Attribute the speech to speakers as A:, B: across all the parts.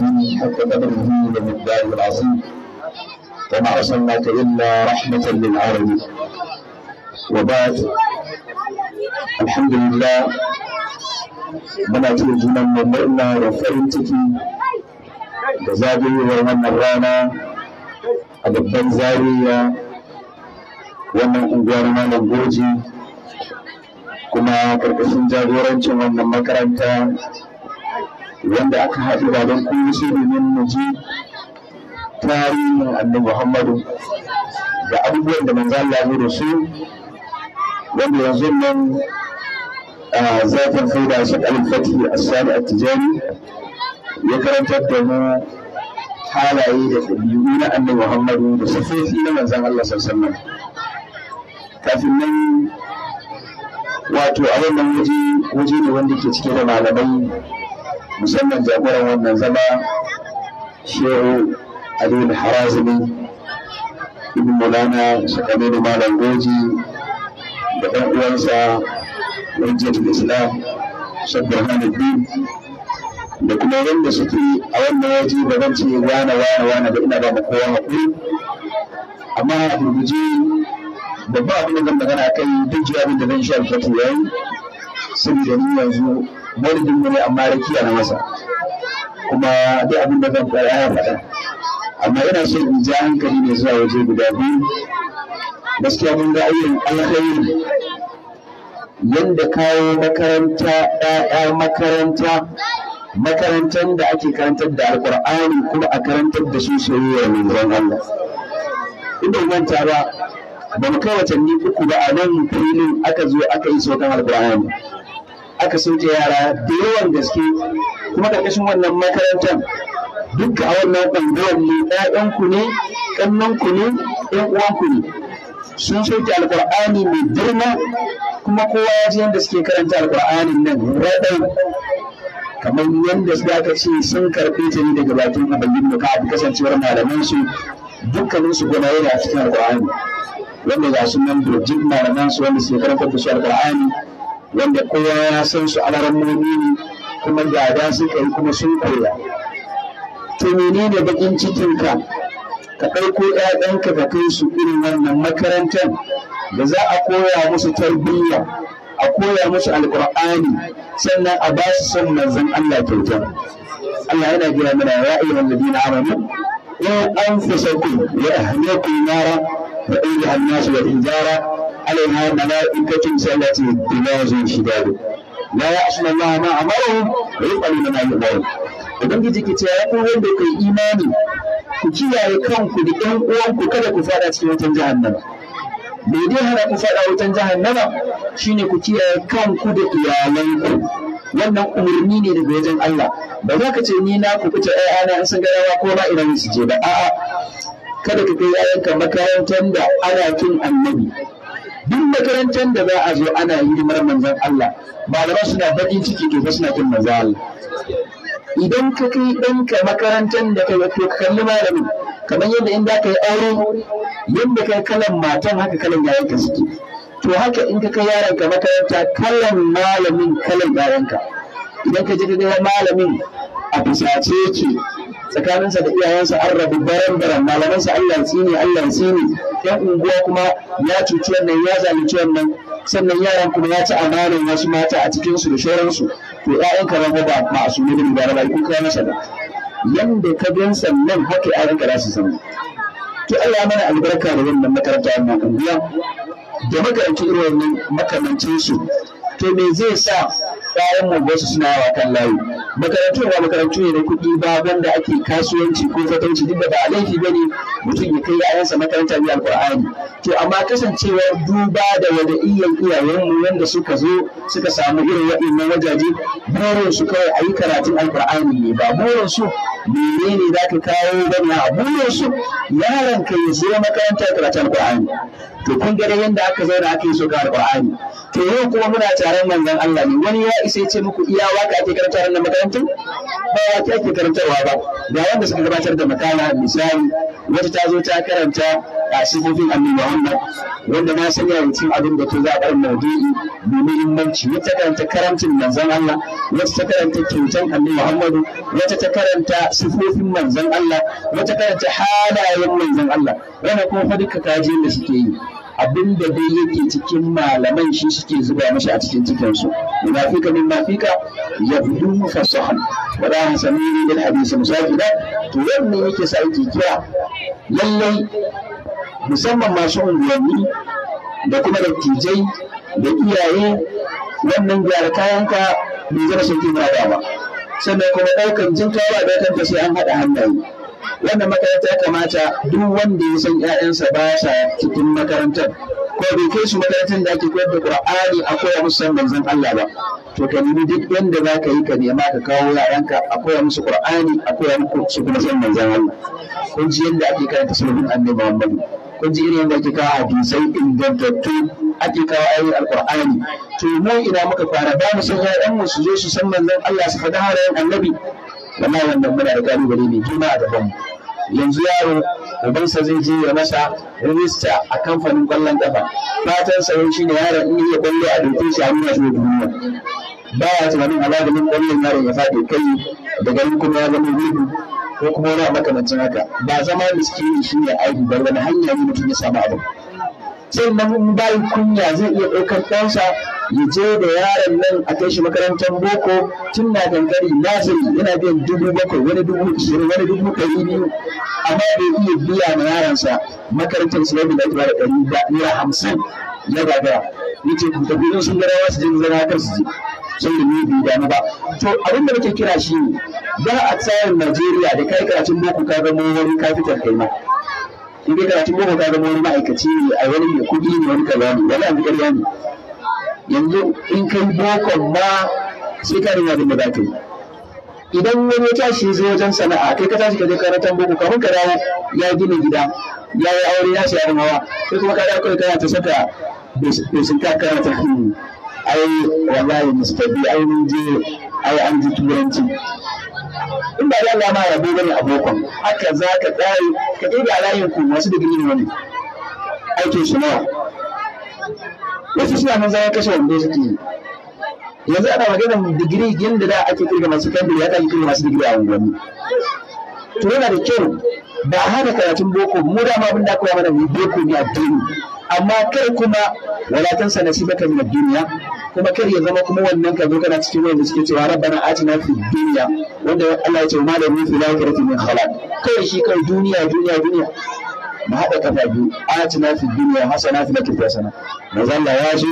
A: الدين حق قدره ومقداره العظيم وما أرسلناك إلا رحمة للعالمين وبعد
B: الحمد لله
A: muna tuna junan mu murna da farin ciki da zagayowar wannan rana a babban zariya wannan unguwar malam goji kuma karkashin jagorancin wannan makaranta wanda aka haɗu da don kuma sai nan na ji tarihin annabi Muhammadu da abubuwan da manzo Allah ya da su wanda yanzu nan zafin faida shi al-fatih as-sani at tijari ya karantar da mu halaye da ɗabi'u na annabi Muhammadu da sifofi na manzo Allah sallallahu alaihi kafin nan wato a wannan waje waje ne wanda ke cike da malamai musamman jagoran wannan zama shehu aliyu harazimi ibn mulana shakaminu malam goji da ɗan uwansa hujjatul islam shabbirhanuddin da kuma wanda suke a wannan waje ba zan ce wane wane wane da ina ba mu kowa haƙuri amma a rubuce babba abin da zan magana kai duk abin da zan sha fatu yayi saboda ni yanzu maulidin ne amma rakiya na masa kuma duk abin da zan fara ya faɗa amma ina so in ja hankali ne zuwa waje guda biyu
B: gaskiya mun ga ayyukan alkhairi
A: yadda kawo makaranta ɗaya makaranta makarantar da ake karantar da alƙur'ani kuma a karantar da su soyayya manzon Allah inda zan ba ba mu kai watanni uku ba a nan filin aka zo aka yi saukan alƙur'ani aka sauke yara da yawan gaske kuma ƙarƙashin wannan makarantar duka a wannan ɓangaren ne ɗayanku ne ƙannanku ne ɗan uwanku ne sun sauke alƙur'ani mai girma kuma kowa ya ji yadda suke karanta alƙur'anin nan raɗai kamar yadda su aka ce sun karɓe ta ne daga bakin abin da ka kasancewar malaman su dukkanin su gona yana cikin alƙur'ani wanda ga su nan da malaman su wanda suke karanta da su alƙur'ani wanda kowa ya san su alarammomi ne kuma gada suka yi kuma sun koya to da bakin cikinka ka ɗauko ‘ya'yanka ka kai su irin wannan makarantar da za a koya musu tarbiyya a koya musu alƙur'ani sannan a ba su son manzon Allah kyauta Allah yana gina mana ya ayyuhan ladina amanu in anfusakum wa ahlikum nara fa ayyuhan nasu wal injara عليها ملائكة سألت بناز شداد لا يعصون الله ما أمرهم ويفعلون ما يؤمرون Ubangiji ke ya koyar da kai imani ku kiyaye kanku da ɗan uwanku kada ku fada cikin wutan jahannama. Me dai hana ku fada wutan jahannama shine ku kiyaye kanku da iyalanku. Wannan umarni ne daga wajen Allah. Ba za ka ce ni na ku fita ‘ya'yana in sun ga yawa ko ma idan su je ba. A'a kada ka kai ‘ya'yanka makarantar da ana annabi. duk makarantar da za a zo ana yi hidimar manzon Allah malamai suna baƙin ciki to fa suna kin manzan idan ka kai ɗanka makarantar da kai to ka kalli malamin kamar yadda in za ka yi aure yadda kai kalan matan haka kalan ka suke to haka in ka kai ka makaranta kalan malamin kalan ka idan ka ji ga malamin a fusace yake tsakaninsa da iyayensa an rabu baran baran malamansa Allah tsini Allah tsini ɗan unguwa kuma ya cuci wannan ya zalunci wannan sannan yaran kuma ya ci amanar wasu mata a cikin su da shauransu to ƴaƴan ka ba ba masu ne da gara ba ko kai masa ba yanda ka gan sannan haka ya rinka rasu su to Allah mana albarka da wannan makaranta wannan unguwa da magaranci irin wannan su to me zai sa ƴaƴan mu wasu suna yawa kan layi makarantu ba makarantu ne na kuɗi ba wanda ake kasuwanci ko fatanci duk da ba a laifi bane mutum ya kai ƴaƴansa makaranta ne alƙur'ani to amma kasancewar duba da wada iyayen mu wanda suka zo suka samu irin waɗannan wajaje burin su kawai a yi karatun alƙur'ani ne ba burin su menene za ka kawo gani a buɗe su yaron ka ya zo makarantar karatun Alƙur'ani. to kun ga yadda aka zauna aka yi so ga Qur'ani to yau kuma muna taron manzon Allah ne wani ya isa ya ce muku iya waka ake karantar nan makarantun ba waka ake karantarwa ba ga wanda suka gabatar da makala misali wata ta zo ta karanta a sifofin annabi Muhammad wanda na san ya cikin abin da to za a bar maudu'i domin inganci wata karanta karantin manzon Allah wata ta karanta kyautan annabi Muhammadu wata ta karanta sifofin manzon Allah wata karanta halayen manzon Allah wannan kuma fa duka kaje da suke yi abin da dai yake cikin malaman shi suke zuba mashi a cikin cikinsu munafika min nafika ya fudu mufasahan wa da samiri bil hadisi musafida to wannan yake sa yake kira lallai musamman masu unguwanni da kuma dattijai da iyaye wannan gyara kayanka bai zama sauƙin rada ba sannan kuma ɗaukan jinkawa da kanta sai an haɗa hannaye wannan makaranta ya kamata duk wanda ya san 'ya'yansa ba sa cikin makarantar ko bai kai su makarantar da ake koyar da Qur'ani a koya musu san manzon Allah ba to ka nemi duk wanda za ka yi ka nema ka kawo yaranka a koya musu Qur'ani a koya musu kuma san manzon Allah kun ji yadda ake karanta sunan Annabi Muhammad kun ji irin da kawo hadisai ingantattu ake kawo ayoyin alkur'ani to mu ina muka fara ba mu san ƴaƴan mu su zo su san manzon Allah su faɗi harayen annabi wallahi wannan muna da kalubale mai girma a gaban yanzu yaro ubansa zai je ya masa rijista a kamfanin kwallon kafa fatan sa shine yaron in yi kwallo a dokin shi a nuna shi duniya baya tunanin alaƙalin kwallon yaron ya faɗi kai da ganin kuma ya zama gudu ko kuma wani makamancin haka ba zama miskini shi ne aiki ba wani hanya ne mutum ya samu ba. sai nan bayi kunya zai iya ɗaukar ɗansa ya je da yaron nan a kai shi makarantar boko tun na Na naziri yana biyan dubu bakwai wani dubu ishirin wani dubu ɗari biyu amma bai iya biya ma yaransa makarantar su yadda ake da ɗari da naira hamsin ya gagara yace ku tafi in sun gara wasu je zana kar su je ne bai damu ba to abin da nake kira shi ne da a tsarin Najeriya da kai karatun boko ka zama wani kafitar kai ma in kai karatun boko ka zama wani ma'aikaci ne a wani mai kuɗi ne wani kaza ne wani abu ƙarya ne yanzu in kai boko ma sai ka rinka da za ka yi idan wani tashi zai wajen sana'a kai ka tashi ka je karatun boko kafin ka dawo ya gina gida ya yi aure ya sayi hawa sai kuma ka dawo kai kana ta saka bai sun ka ta hannu ai wallahi Mr. B, ai mun je ai an ji turanci in ba Allah ma rabo bane abokan haka za ka tsare ka ɗebe a layin ku masu da gini wani
B: aikin su nawa wasu suna nan zama kashe wanda suke yi
A: yanzu ana maganar digiri yadda da ake kirga masu kandiri ya ake kirga masu digiri a unguwanni
B: to yana da kyau
A: ba hana karatun boko mu da ma abin da aka mana mu boko ne addini amma kai kuma wala tansa nasibaka min ad duniya. kuma kar ya zama kuma wannan ka zo kana cikin wanda suke cewa rabbana atina fi dunya wanda Allah ya ce ma da min fil akhirati min khalaq kai shi kan duniya duniya duniya mu haɗa kafa biyu atina fi dunya hasana fi lakil hasana manzo Allah ya zo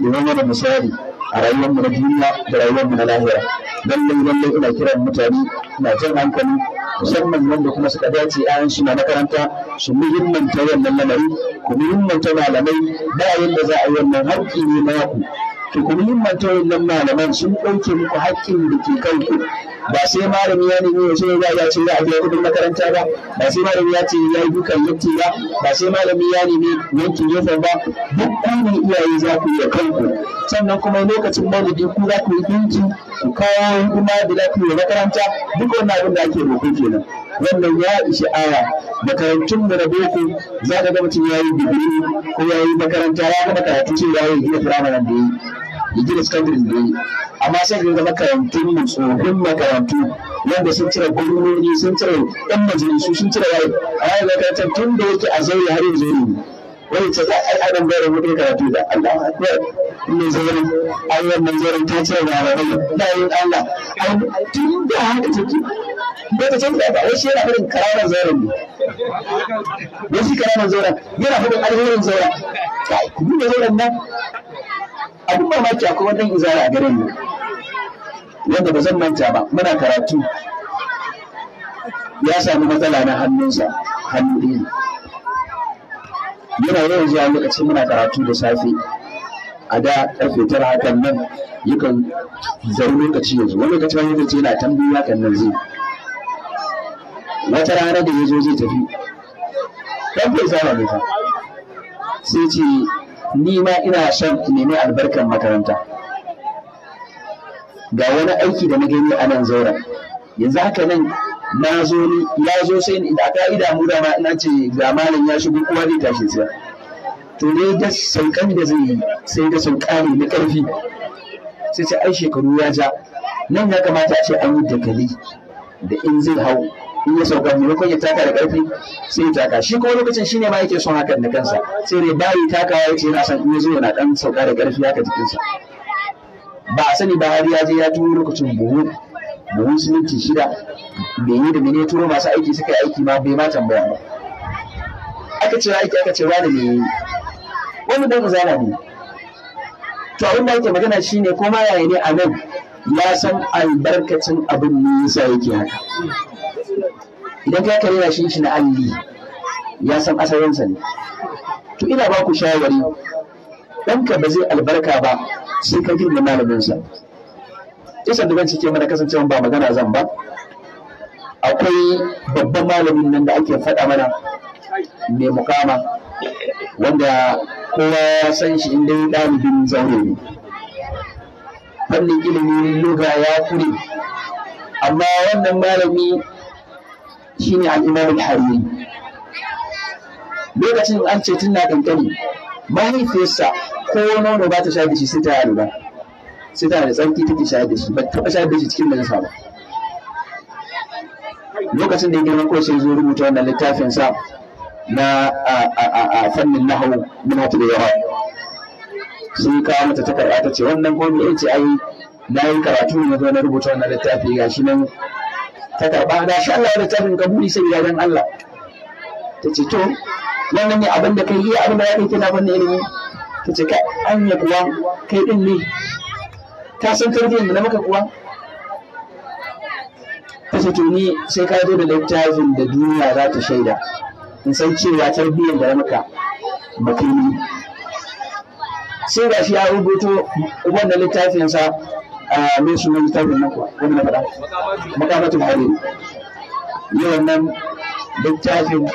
A: domin mana misali a rayuwar mu na duniya da rayuwar mu na lahira lallai lallai ina kiran mutane ina jan hankali musamman wanda kuma suka dace ayan suna makaranta su muhimmanta wannan lamari ku muhimmanta malamai ba yadda za a yi wannan haƙƙi ne naku to ku himmanta wannan malaman sun ɗauke muku haƙƙin da ke kanku ba sai malami ya nemi ya ya ya ce ya biya kuɗin makaranta ba ba sai malami ya ce ya yi dukan yanki ba ba sai malami ya nemi yankin gefen ba duk ku iyaye za ku iya kanku sannan kuma lokacin maulidi ku za ku yi dinki ku kawo hidima da lafiyar makaranta duk wannan abin da ake roƙo kenan wannan ya ishi aya makarantun mu na boko za ka ga mutum ya yi digiri ko ya yi makaranta ya gama karatu sai ya yi gina firamaren da ya yi digiri da yi amma sai ga makarantun mu tsohon makarantu wanda sun cire gwamnoni sun cire yan majalisu sun cire yayi a yayin makarantar tun da yake a zaure har yanzu ne wani ce za a yi adam gara mutum karatu da Allah akbar mai zaure an wannan zaure ta cire rarrabai da yin Allah tun da haka take ba ta canza ba wai shi yana faɗin kararan zauren ne
B: wai shi kararan zauren
A: yana faɗin alherin zauren
B: ku ne zauren nan
A: abin mamaki akwai wannan izara a garin mu
B: wanda ba zan manta ba muna karatu
A: ya sami matsala na hannunsa hannu ɗin. yana yawan zuwa lokacin muna karatu da safe a da ƙarfe tara hakan nan yakan zaru lokaci yanzu wani lokaci wani lokaci yana tambayi hakan nan zai wata rana da ya zo zai tafi karfe zama ne fa sai ce ni ma ina son nemi albarkar makaranta ga wani aiki da na gani a nan zaura, yanzu haka nan na zo ni ya zo sai ni da ka'ida mu da ma ina ce ga malam ya shigo kowa zai tashi siya to ne da saukan da zai yi sai da sauƙani na karfi sai ce ai shekaru ya ja nan ya kamata a ce an yi dakali da in zai hau in ya sauka ko ya taka da ƙarfi sai ya taka shi kuma lokacin shine ma yake son hakan da kansa sai dai bayi taka ya ce yana son in ya zo yana ɗan sauka da ƙarfi haka jikinsa ba a sani ba har ya je ya turo lokacin buhu buhun siminti shida mene da mene turo masu aiki suka yi aiki ma bai ma tambaya ba aka ce aiki aka ce wani ne wani dan zana ne to abin da yake magana shine ko ma yaya ne a nan ya san albarkacin abin nisa yake
B: haka
A: idan ka kare shi shi na alli ya san asalinsa ne to ina ba ku shawari ɗanka ba zai albarka ba sai ka girma malaminsa Kisan da cike mana kasancewa ba magana zan ba akwai babban malamin nan da ake faɗa mana mai mukama wanda kowa ya san shi inda ya ɗalibin zaure ne fannin ilimin luga ya kure amma wannan malami shine al-imam al lokacin an ce tun na kankani mahaifiyarsa ko nono ba ta sha da shi sai ta yi ba sai ta da tsarki take sha da shi ba taɓa sha da shi cikin nasa ba lokacin da ya girma ko sai zo rubuta wannan littafin sa na a fannin nahawu min hatu da yawa sai kawo mata takarda ta ce wannan ko ce ai na yi karatu na zo na rubuta wannan littafi shi nan ta karba ga shi Allah da tsarin kabuli sai ya dan Allah ta ce to wannan ne abin da kai yi abin da ya kai kina fannin ilimi ta ce ka an ya kuwa kai din ne ta san tarbiyyar da maka kuwa ta ce to ni sai ka zo da littafin da duniya za ta shaida in san cewa tarbiyyar da maka ba kai ne sai ga shi ya rubuto wannan littafinsa a me suna littafin nan kuwa wani na faɗa
B: makamatul hari
A: yawan nan littafin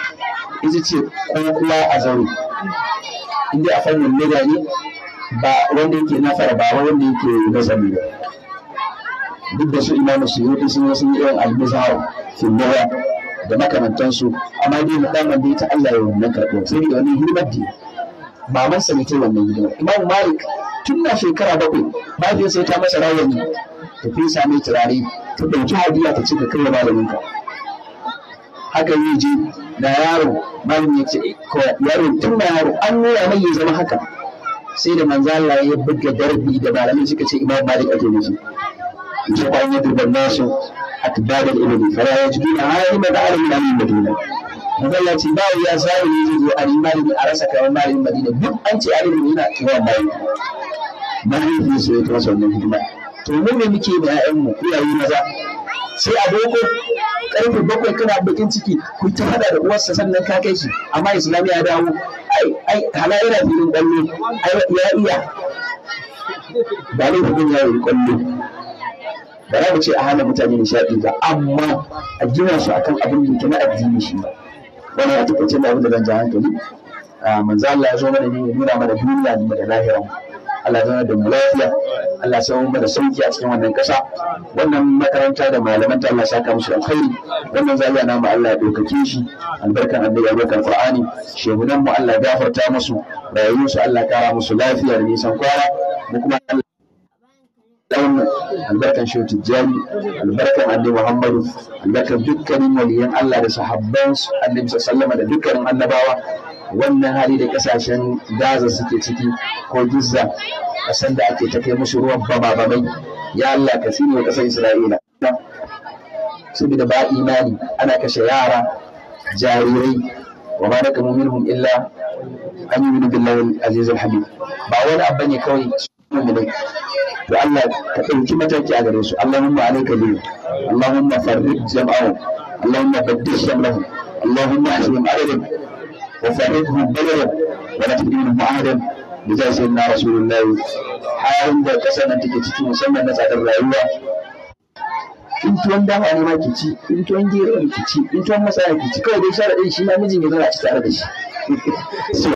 A: ita ce ko kuma a zaure inda a fannin leda ne ba wanda yake nafara ba wanda yake nazari ba duk da su imamu suyuti sun yi sun yi irin almizhar filmawa da makamantansu amma dai mukamin dai ta Allah ya wannan karɓo sai da wannan hidimar da mamansa ne ta wannan hidimar imamu malik tun na shekara bakwai mahaifiyar sai ta masa rawani ta fi sami turare ta ɗauki hadiya ta cika kai malaminka. haka yi je da yaro malamin ya ce eh, yaro tun da yaro an nuna mai ya zama haka sai da Manzala ya buga darbi da malamin suka ce imam malik ake nufi ya kwan ya duba nasu akbar al ilimi fara yajiduna ayyuma da'alina min madina Allah ce ba ya zai ne zai zo a a rasa kayan malamin Madina duk an ce alimin yana tuwa bayan bayan yi su ya masa wannan hidima to mu ne muke ma ƴaƴanmu iyaye maza sai a boko karfe bakwai kana bakin ciki ku ta hada da uwarsa sannan ka kai shi amma islam ya dawo ai ai hala yana filin kwallo ai ya iya ba ne ya yi kwallo ba za mu ce a hana mutane nishaɗi ba amma a gina su akan abin da ke na addini shi ba wannan ya taɓa ce da abin da zan ja hankali ah, manzo Allah ya zo mana ne ya nuna mana duniya da lahiran mu Allah zama da mu lafiya Allah sai mu da sauki a cikin wannan kasa wannan makaranta da malaman ta Allah saka musu alkhairi wannan zaliya mu Allah ya dokake shi albarkan annabi albarkan Qur'ani shehunan mu Allah gafarta musu rayuwar su Allah kara musu lafiya da nisan kwara mu kuma Allah albarkan shehu tijjani albarkan annabi Muhammadu albarkan dukkanin waliyan Allah da sahabban annabi sallallahu da dukkanin annabawa wannan hali da kasashen gaza suke ciki ko gizza kasan da ake ta kai musu ruwan bama-bamai ya Allah ka tsine wa kasar Isra'ila saboda ba imani ana kashe yara jarirai wa ma naka minhum illa an yi billahi al-aziz al ba wani abu ne kawai su ne to Allah ka ɗauki mataki a gare su Allahumma alayka bi Allahumma farrij jam'ahum Allahumma baddil shamlahum Allahumma asim adadahum وفرقه بدرا ولا تقدمه عهدا بجاه سيدنا رسول الله da kasa nan take ciki musamman na tsadar rayuwa in dama ne ci in tuwon gero ki ci in tuwon masara ki shi ma mijin ya zama ci tare da shi